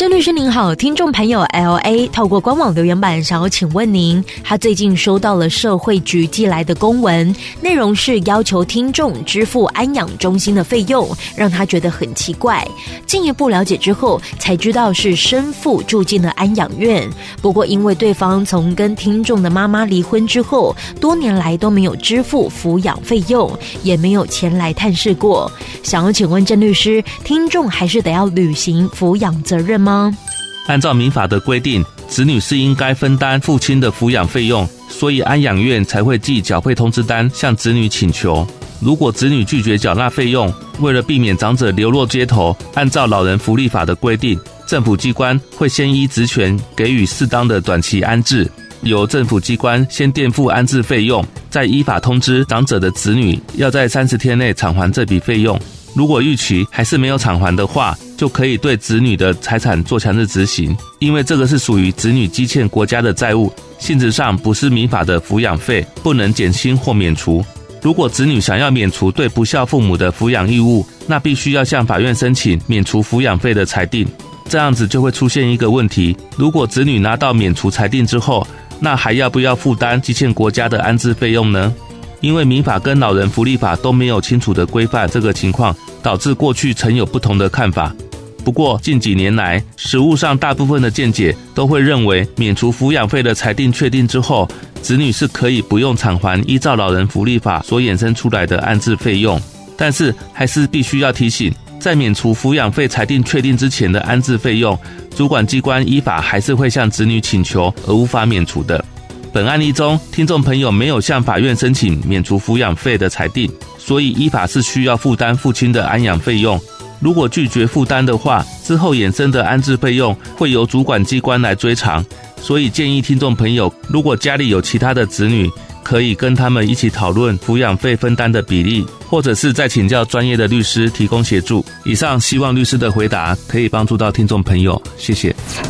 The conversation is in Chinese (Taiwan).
鄭律師您好，聽眾朋友 LA 透過官網留言板想要請問您，他最近收到了社會局寄來的公文，內容是要求聽眾支付安養中心的費用，讓他覺得很奇怪。進一步了解之後才知道是生父住進了安養院，不過因為對方從跟聽眾的媽媽離婚之後，多年來都沒有支付撫養費用，也沒有前來探視過。想要請問鄭律師，聽眾還是得要履行撫養責任嗎？按照民法的規定，子女是應該分擔父親的撫養費用，所以安養院才會寄繳費通知單向子女請求。如果子女拒絕繳納費用，為了避免長者流落街頭，按照老人福利法的規定，政府機關會先依職權給予適當的短期安置，由政府機關先墊付安置費用，再依法通知長者的子女要在三十天內償還這筆費用。如果逾期還是沒有償還的話，就可以對子女的財產做強制執行，因為這個是屬於子女積欠國家的債務，性質上不是民法的撫養費，不能減輕或免除。如果子女想要免除對不孝父母的撫養義務，那必須要向法院申請免除撫養費的裁定。這樣子就會出現一個問題，如果子女拿到免除裁定之後，那還要不要負擔積欠國家的安置費用呢？因為民法跟老人福利法都沒有清楚的規範這個情況，導致過去曾有不同的看法。不過近幾年來，實務上大部分的見解都會認為，免除撫養費的裁定確定之後，子女是可以不用償還依照老人福利法所衍生出來的安置費用。但是，還是必須要提醒，在免除撫養費裁定確定之前的安置費用，主管機關依法還是會向子女請求而無法免除的。本案例中，聽眾朋友沒有向法院申請免除撫養費的裁定，所以依法是需要負擔父親的安養費用。如果拒絕負擔的話，之後衍生的安置費用會由主管機關來追償。所以建議聽眾朋友，如果家裡有其他的子女，可以跟他們一起討論撫養費分擔的比例，或者是再請教專業的律師提供協助。以上，希望律師的回答可以幫助到聽眾朋友，謝謝。